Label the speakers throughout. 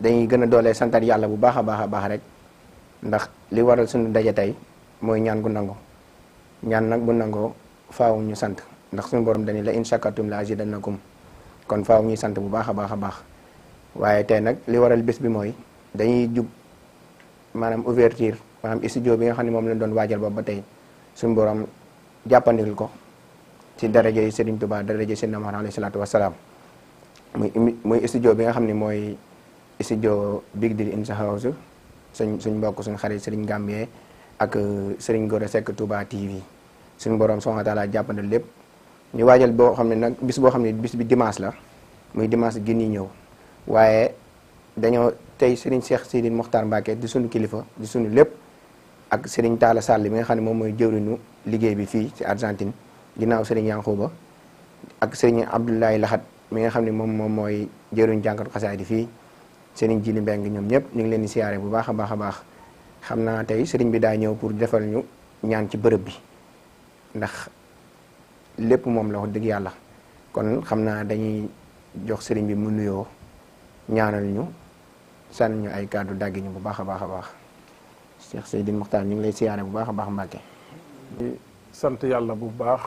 Speaker 1: dañuy gën a doolee santat yàlla bu baax a baax a baax rek ndax li waral suñu daje tey mooy ñaan gu nangoo ñaan nag bu nangoo faaw ñu sant ndax suñu borom dañuy la in shakartum la azidannakum kon faaw ñuy sant bu baax a baax a baax waaye tey nag li waral bés bi mooy dañuy jub maanaam ouverture maanaam studio bi nga xam ne moom lañ doon waajal ba ba tey suñu borom jàppandil ko ci daraja yi Serigne Touba daraja Seydina Muhammad alayhi salaatu wasalaam muy muy studio bi nga xam ne mooy studio Big Deal in the house suñ suñ mbokk suñ xarit Serigne Gambie ak uh, Serigne Gora Seck Touba TV suñ borom subhanahu wa taala jàppande lépp ñu waajal boo xam ne nag bis boo xam ne bis bi dimanche la muy dimanche gi ñu ñëw waaye dañoo tey Serigne Cheikh Sidi Mokhtar Mbacke di suñu kilifa di suñu lépp ak Serigne Talla Sall mi nga xam ne moom mooy jëwriñu liggéey bi fii ci Argentine ginnaaw Serigne Yankouba ak Serigne Abdoulaye Laxat mi nga xam ne moom moom mooy jëwriñu jàngatu xasaay di fii sëriñ Jili ngi ñoom ñëpp ñu ngi leen di siyaare bu baax a baax a baax xam naa tey sëriñ bi daa ñëw pour defal ñu ñaan ci bërëb bi ndax lépp moom la wax dëgg yàlla kon xam naa dañuy jox sëriñ bi mu nuyoo ñaanal ñu sànni ñu ay kàddu dàggi ñu bu baax a baax a baax Cheikh Seydi Muxtaar ñu ngi lay siyaare bu baax a baax Mbàkke
Speaker 2: sant yàlla bu baax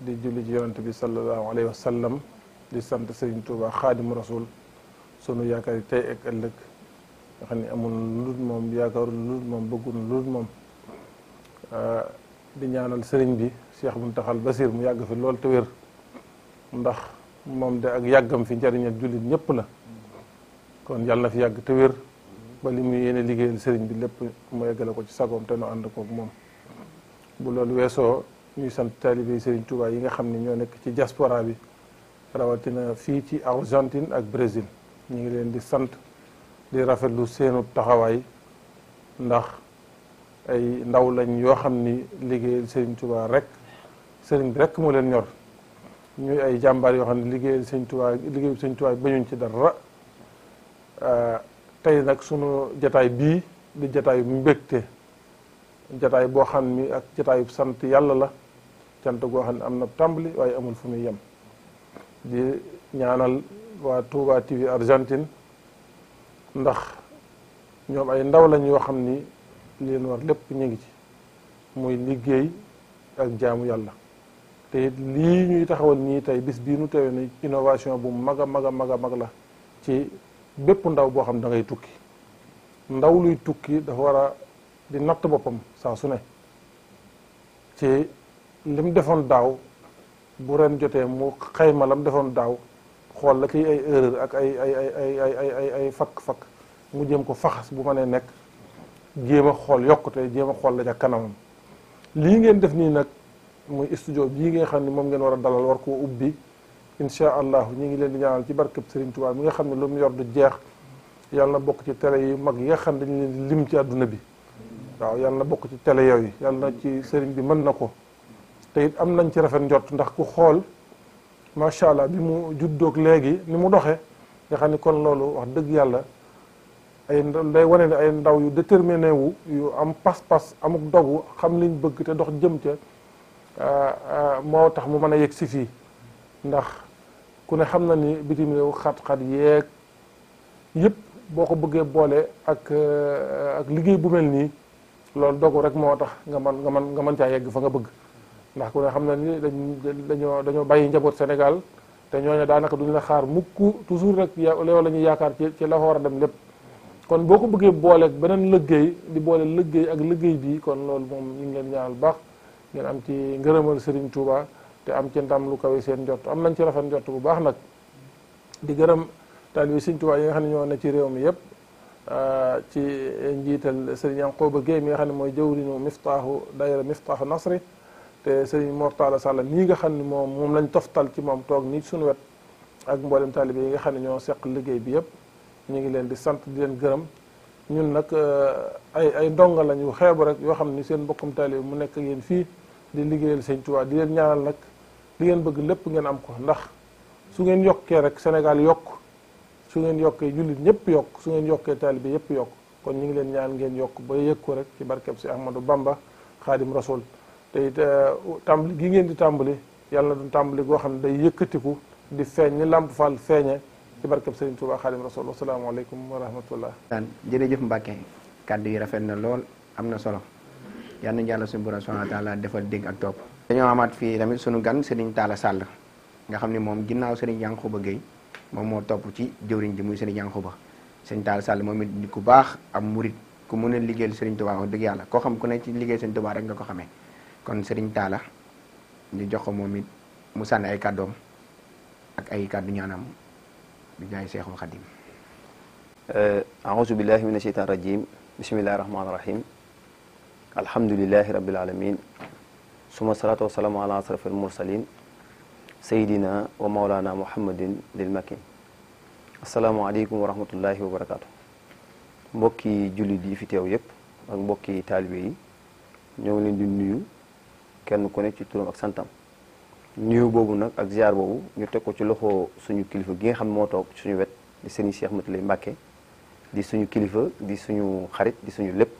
Speaker 2: di julli ci yonent bi sallallahu alayhi wa sallam di sant sëriñ Tuuba xaadimu rasul sunu yaakaar yi tey ak ëllëg nga xam ne amul lu moom yaakaarul lu moom bëggul lu moom di ñaanal sëriñ bi bu Cheikh Muntaxal Basir mu yàgg fi lool te wér ndax moom de ak yàggam fi njariñal jullit ñëpp la kon yàlla na fi yàgg te wér ba li mu yéene liggéeyal sëriñ bi lépp mu eggale ko ci sagoom te nu ànd koog moom bu loolu weesoo ñuy sant taalibe sëriñ Touba yi nga xam ne ñoo nekk ci jaspora bi rawatina fii ci Argentine ak Brésil ñu ngi leen di sant di rafetlu seenu taxawaay ndax ay ndaw lañ yoo xam ni liggéeyal Sëriñ Tuubaa rek sëriñ bi rek moo leen ñor ñuy ay jàmbaar yoo xam ne liggéeyal Sëriñ Tuubaa liggéeyal Sëriñ Tuubaa bañuñ ci dara tey nag sunu jataay bii di jataay bu mbégte jataay boo xam ni ak jataay sant yàlla la cant goo xam ne am na tàmbali waaye amul fu muy yem di ñaanal waa Touba TV Argentine ndax ñoom ay ndaw lañ yoo xam ni leen war lépp ñu ngi ci muy liggéey ak jaamu yàlla te lii ñuy taxawal nii tey bis bii nu teewee ni innovation bu mag a mag a mag a mag la ci bépp ndaw boo xam da ngay tukki ndaw luy tukki dafa war a di natt boppam saa su ne ci lim defoon daaw bu ren jotee mu xayma lam defoon daaw xool la kay ay erreur ak ay ay ay ay ay ay ay ay fakk-fakk mu jëm ko faxas bu mënee nekk jéem a xool yokkute jéem a xool la ca kanamam lii ngeen def nii nag muy studio bii nga xam ne moom ngeen war a dalal war koo ubbi incha allah ñu ngi leen di ñaanal ci barkeb Serigne Touba mi nga xam ne lu mu yor du jeex yàlla na bokk ci télé yi mag yi nga xam dañu leen di lim ci àdduna bi waaw yàlla na bokk ci télé yooyu yàlla na ci sëriñ bi mën na ko te am nañ ci rafet njort ndax ku xool macha allah bi mu juddoog léegi ni mu doxee nga xam ni kon loolu wax dëgg yàlla ay day wane ne ay ndaw yu déterminé wu yu am pas-pas amuk dogu xam liñ bëgg te dox jëm ca ah, ah, moo tax mu mën a yegg si fii ndax ku ne xam na ni bitim réew xat-xat yeeg yëpp boo ko bëggee boole ak eh, ak liggéey bu mel nii loolu dogu rek moo tax nga man nga man nga mën caa yegg fa nga bëgg ndax ku ne xam na ni dañoo dañoo bàyyi njaboot Sénégal te ñooñu daanaka duñ la xaar mukk toujours rek yow la ñuy yaakaar ci ci la war a dem lépp kon boo ko bëggee booleeg beneen liggéey di boole liggéey ak liggéey bi kon loolu moom ñu ngi leen lu baax ngeen am ci ngërëmal Serigne Touba te am ci ndam lu kawe seen njott am nañ ci rafet njott bu baax nag di gërëm taalibe Serigne Touba yi nga xam ne ñoo ne ci réew mi yëpp euh, ci njiital Serigne Yankoba Gueye mi nga xam ne mooy jëwriñu Miftaahu daayira Miftaahu Nasri te sëriñ Mor Talla Sall mii nga xam ne moom moom lañ toftal ci moom toog nii suñu wet ak mboolem taalibe yi nga xam ne ñoo seq liggéey bi yëpp ñu ngi leen di sant di leen gërëm ñun nag euh, ay ay ndonga lañu xeebu rek yoo xam ni seen mbokkum taalibe mu nekk yéen fii di liggéeyal Sëriñ Tuubaa di leen ñaanal nag li ngeen bëgg lépp ngeen am ko ndax su ngeen yokkee rek Sénégal yokk su ngeen yokkee jullit ñëpp yokk su ngeen yokkee taalibe yëpp yokk kon ñu ngi ñaan ngeen yokk ba yëg rek ci barkeb si Ahmadou Bamba Xaadim Rasul te it euh, tàmbali gi ngeen di tàmbali yàlla na doon tàmbali goo xam ne day yëkkatiku di feeñ ni Lamp Fall feeñe ci barkeb Serigne Touba Xaadim Rasul asalaamaaleykum wa rahmatullah
Speaker 1: jërëjëf Mbacke kàddu yi rafet na lool am na solo yal nañu yàlla suñu borom subhanahu wa taala defal dégg ak topp dañoo amaat fii tamit sunu gan Serigne Talla Sall nga xam ni moom ginnaaw Serigne Yankuba Gueye moom moo topp ci jëwriñ ji muy Serigne Yankuba Serigne Talla Sall moom it ku baax am murit ku mën a liggéeyal Serigne ku ne ci liggéey Serigne Touba nga ko xamee kon Serigne Talla ñu jox ko moom it mu sànni ay kàddoom ak ay kàddu ñaanam di jaay Seexul Xadim eh, aouzu billahi min asheytan rajim bismillahi rahmani rahim
Speaker 3: alhamdulilahi rabbil alamin suma salaatu wa maulana muhammadin lil makin asalaamualeykum wa rahmatullahi wa barakatu mbokki jullit yi fi teew yépp mbokki taalibe yi ñoo ngi leen di nuyu kenn ku ne ci turam ak santam nuyu boobu nag ak ziar boobu ñu teg ko ci loxo suñu kilifa gi nga xam moo toog suñu wet di sëriñ Cheikh Matalay Mbàkke di suñu kilifa di suñu xarit di suñu lépp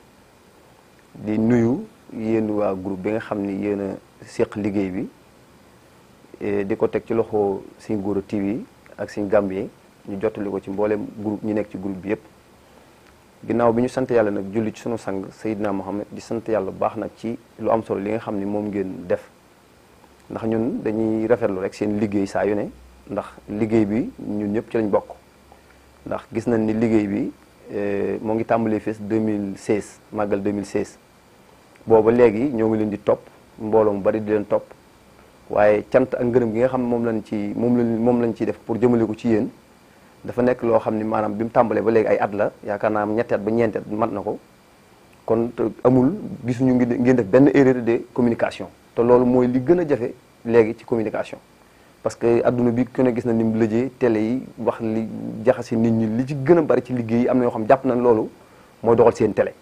Speaker 3: di nuyu yéen waa group bi nga xam ni yéen a séq liggéey bi e, di ko teg ci loxo suñu Gora TV ak suñu Gambie ñu jottali ko ci mboolem group ñu nekk ci groupe bi yëpp ginnaaw bi ñu sant yàlla nag julli ci sunu sang Seydina Mohamed di sant yàlla bu baax nag ci lu am solo li nga xam ni moom ngeen def ndax ñun dañuy rafetlu rek seen liggéey saa yu ne ndax liggéey bi ñun ñëpp ci lañ bokk ndax gis nañ ni liggéey bi eh, moo ngi tàmbalee fees 2016 màggal 2016 booba léegi ñoo ngi leen di topp mbooloo mu bari di leen topp waaye cant ak ngërëm gi nga xam moom lañ ci moom lañ moom lañ ciy def pour jëmale ko ci yéen dafa nekk loo xam ni maanaam bi mu tàmbalee ba léegi ay at la yaakaar naa ñetti at ba ñeenti at mat na ko kon amul gisuñu ngeen def benn erreur de communication te loolu mooy li gën a jafe léegi ci communication parce que adduna bi ku ne gis na ni mu lëjee télé yi wax li jaxase nit ñi li ci gën a bari ci liggéey yi am na yoo xam jàpp nañ loolu mooy doxal seen tele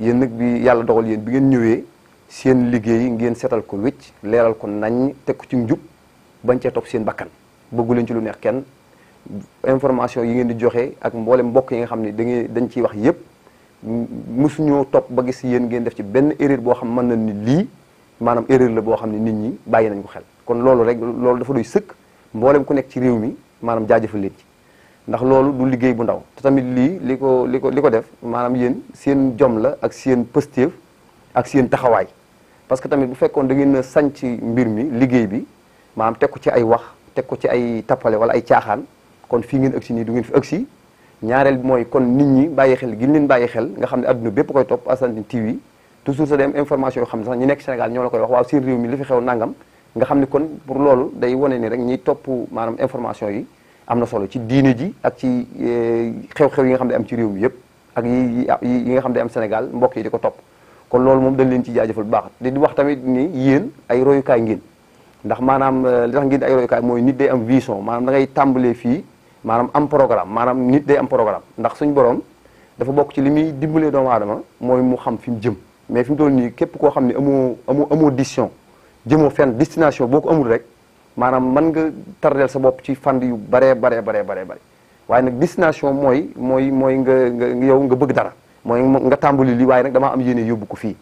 Speaker 3: yéen nag bi yàlla doxal yéen bi ngeen ñëwee seen liggéey ngeen seetal ko wicc leeral ko nañ teg ko ci njub bañ cee topp seen bakkan bëggu ci lu neex kenn information yi ngeen di joxe ak mboolem mbokk yi nga xam ne da dañ ciy wax yëpp mosuñoo topp ba gis yéen ngeen def ci benn erreur boo xam mën na ni lii maanam erreur la boo xam ne nit ñi bàyyi nañ ko xel kon loolu rek loolu dafa doy sëkk mboolem ku nekk ci réew mi maanaam jaajëfal leen ci ndax loolu du liggéey bu ndaw te tamit lii li ko li ko li ko def maanaam yéen seen jom la ak seen positif ak seen taxawaay parce que tamit bu fekkoon da ngeen a sañ ci mbir mi liggéey bi maanaam teg ci ay wax teg ko ci ay tappale ay caaxaan kon fi ngeen agsi nii du ngeen fi agsi ñaareel mooy kon nit ñi bàyyi xel gi leen bàyyi xel nga xam ne adduna bépp koy topp Argentine TV toujours sa dem information yoo xam ne sax ñi nekk Sénégal ñoo nga xam ne kon pour loolu day wane ni rek ñiy topp maanaam information yi am na solo ci diine ji ak ci eh, xew-xew yi nga xam ne am ci réew mi yëpp ak yi yi nga xam ne am Sénégal mbokk yi di ko topp kon loolu moom dañ leen ci jaajëfal bu baax di wax tamit ni yéen ay royukaay ngin ndax maanaam eh, li tax ngeen ay royukaay mooy nit day am vision maanaam da ngay tàmbalee fii maanaam am programme maanaam nit de am programme ndax suñu borom dafa bokk ci li muy dimbalee doomu aadama mooy mu xam fi mu jëm mais fi mu toll nii képp koo xam ne amoo amoo amoo décision jëmoo fenn destination boo ko amul rek maanaam mën nga tardeel sa bopp ci fànn yu baree baree baree baree bare waaye nag destination mooy mooy mooy nga nga yow nga bëgg dara mooy nga tàmbali lii waaye nag damaa am yéene yóbbu ko fii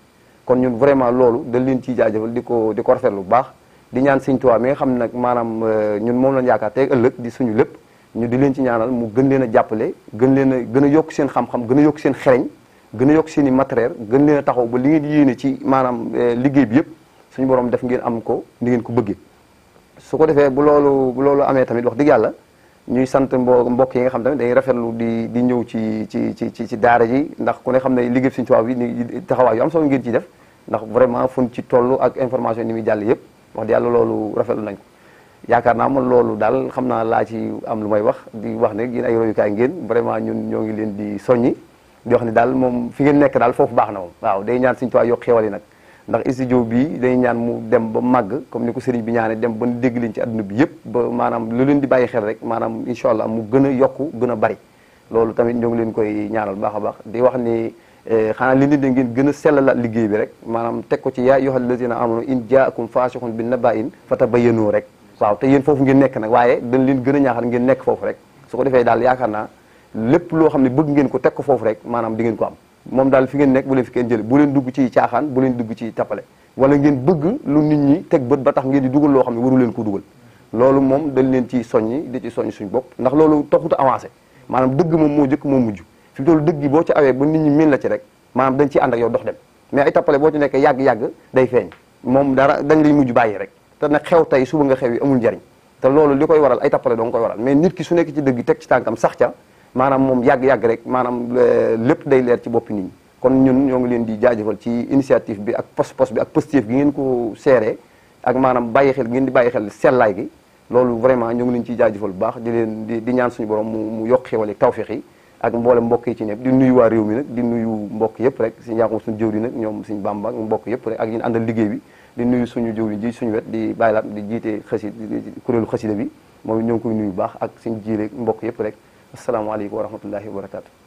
Speaker 3: kon ñun vraiment loolu dañ leen ciy jaajëfal di ko di ko rafetlu bu baax di ñaan Sëñ mi nga xam nag maanaam euh, ñun moom lañ yaakaar ëllëg di suñu lépp ñu di leen ci ñaanal mu gën leen a jàppale gën leen a gën a yokk seen xam-xam gën a yokk seen xereñ gën a yokk seen i matériel gën leen a taxaw ba li ngeen yéene ci maanaam eh, liggéey bi yëpp suñu borom def ngeen am ko ni ngeen ko bëggee su ko defee bu loolu loolu amee tamit wax dëgg yàlla ñuy sant mbo mbokk yi nga xam tamit dañuy rafetlu di di ñëw ci ci ci ci daara ji ndax ku ne xam ne liggéey suñu tubaab yi taxawaay yu am solo ngeen ci def ndax vraiment fun ci toll ak information ni jàll yëpp wax yàlla loolu rafetlu nañ ko yaakaar naa man loolu daal xam naa laa ci am lu may wax di wax ne yéen ay royukaay ngeen vraiment ñun ñoo ngi leen di soññi di wax ne daal moom fi ngeen nekk daal foofu baax na moom waaw day ñaan suñu tuwaay yokk xewal yi nag ndax studio bi day ñaan mu dem ba màgg comme ni ko sëriñ bi ñaane dem ba dégg ci adduna bi yëpp ba maanaam leen di bàyyi xel rek maanaam incha allah mu gën a yokku gën a loolu tamit ñoo ngi leen koy ñaanal baax a baax di wax ni eh, xanaa li nit da ngeen gën a sellalaat liggéey bi rek maanaam teg ko ci yaa ayyuhal lazina amanu in jaakum faasiqun bi naba'in fatabayyanu rek waaw te yéen foofu ngeen nekk nag waaye dañ leen gën a ñaaxal ngeen nekk foofu rek su ko defee daal yaakaar naa lépp loo xam ne bëgg ngeen ko teg ko foofu rek maanaam di ngeen ko am moom daal fi ngeen nekk bu leen bu leen dugg ci caaxaan bu leen dugg ci tappale wala ngeen bëgg teg bët ba tax ngeen di dugal loo xam ne waru leen ko dugal loolu moom dañ leen ci soññi di ci soññ suñ bopp ndax loolu taxut avancé maanaam dëgg moom moo jëkk moo mujj fi mu toll dëgg boo ci awee ba nit ñi miin la ci rek maanaam dañ ciy ànd ak yow dox dem mais ay tappale boo ci nekkee yàgg-yàgg day feeñ moom dara dañ lay mujj bàyyi rek te nag xew tey suba nga xew yi amul njariñ te loolu li koy waral ay tappale dong koy waral mais nit ki su nekk ci dëgg teg ci tànkam sax ca maanaam moom yàgg-yàgg rek maanaam euh, lépp day leer ci boppi nit kon ñun ñoo ngi leen di jaajëfal ci initiative bi ak post post bi ak positif gi ngeen ko seere ak maanaam bàyyi xel ngeen di bàyyi xel sellaay gi loolu vraiment ñoo ngi leen ciy jaajëfal bu baax di leen di ñaan suñu borom mu yokk xéwal ak tawféex yi ak mboole mbokk ci ñëpp di nuyu waa réew nag di nuyu mbokk yëpp rek si njaaxum suñu jëwri nag ñoom suñu bàmba mbokk yëpp rek ak ñun àndal liggéey di nuyu suñu jiw ji suñu wet di bàyyi laat di jiite xasi kuréelu xasida bi moom ñoo ngi koy nuyu baax ak suñu jiile mbokk yëpp rek asalaamaaleykum wa rahmatullahi wa barakaatu